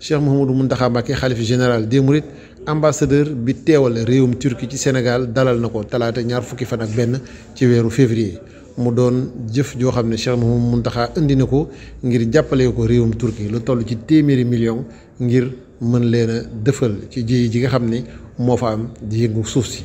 Cheikh Mouhamadou Mountakha Mbacké xalif général des Mourides ambassadeur bi teewal réewum turki ci Sénégal dalal na ko talaate ñaar fukki fan ak benn ci weeru février mu doon jëf joo xam ne Cheikh Mouhamadou Mountakha indi na ko ngir jàppale ko réewum Turquie lu toll ci téeméeri million ngir mën leen a dëfal ci ji ji nga xam ne moo fa am di yëngu suuf si.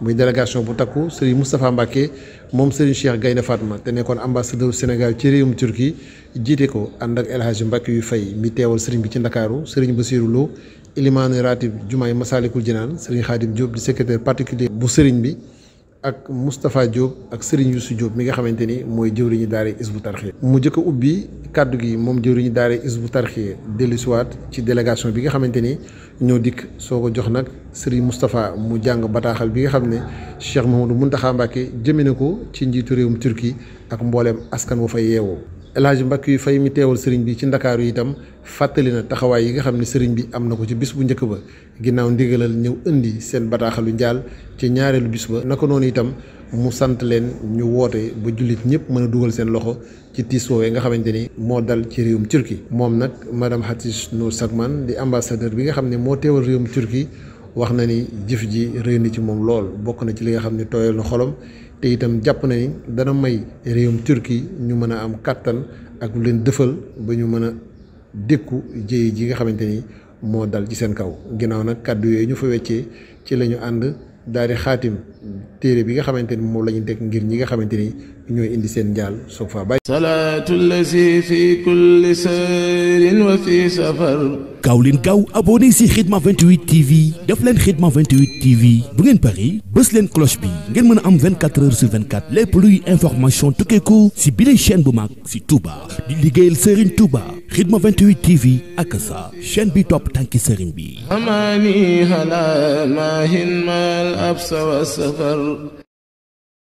muy délégation bu takku Serigne Moustapha Mbacke moom Serigne Cheikh Gaynde Fatma te nekkoon ambassadeur Sénégal ci réewum Turquie jiite ko ànd ak El Hadj Mbacke yu fay mi teewal Serigne bi ci Ndakaaru Serigne Bassirou Lo Ilimane Ratib yi Masalikul Jinaan Serigne Khadim Diop di secrétaire particulier bu Serigne bi. ak Moustapha Diop ak Serigne Youssou Diop mi nga xamante ni mooy jëwriñu daara Hizbut Tarqiyyah mu njëkk ubbi kàddu gi moom jëwriñu daara Hizbut Tarqiyyah dellusiwaat ci délégation bi nga xamante ni ñoo dikk soo ko jox nag Serigne Moustapha mu jàng bataaxal bi nga xam ne Cheikh Mouhamadou Mountakha Mbacké jëme na ko ci njiitu réewum Turquie ak mbooleem askan wa fa yeewoo. El Hadj yu Faye mi teewal sëriñ bi ci ndakaaru itam fàttali na taxawaay yi nga xam ne sëriñ bi am na ko ci bis bu njëkk ba ginnaaw ndigalal ñëw indi seen bataaxalu njaal ci ñaareelu bis ba naka noonu itam mu sant leen ñu woote ba jullit ñëpp mën a dugal seen loxo ci tiis woowee nga xamante ni moo dal ci réewum Turquie moom nag madame Hatice Nur Sakman di ambassadeur bi nga xam ne moo teewal réewum Turquie wax na ni jëf ji réy ni ci moom lool bokk na ci li nga xam ne tooyal na te itam jàpp na ni dana may réewum Turquie ñu mën a am kàttan ak lu leen dëfal ba ñu mën a dékku jéey ji nga xamante ni moo dal ci seen kaw ginnaaw nag kàddu yooyu ñu fa weccee ci la ñu ànd daal di xaatim téere bi nga xamante ni moom la ñu teg ngir ñi nga xamante ni ñooy indi seen njaal soog faa bàyyi salaatu lazi fi kulli sayrin wa fi safar gaaw leen gaaw abonné si Khidma 28 TV def leen Khidma 28 TV bu ngeen pari bës leen cloche bi ngeen mën a am 24 heures sur 24 lépp luy information tukkee ko si bile chaîne bu mag si Touba di liggéeyal Serigne Touba Khidma 28 TV ak sa chaîne bi topp tànki sëriñ bi.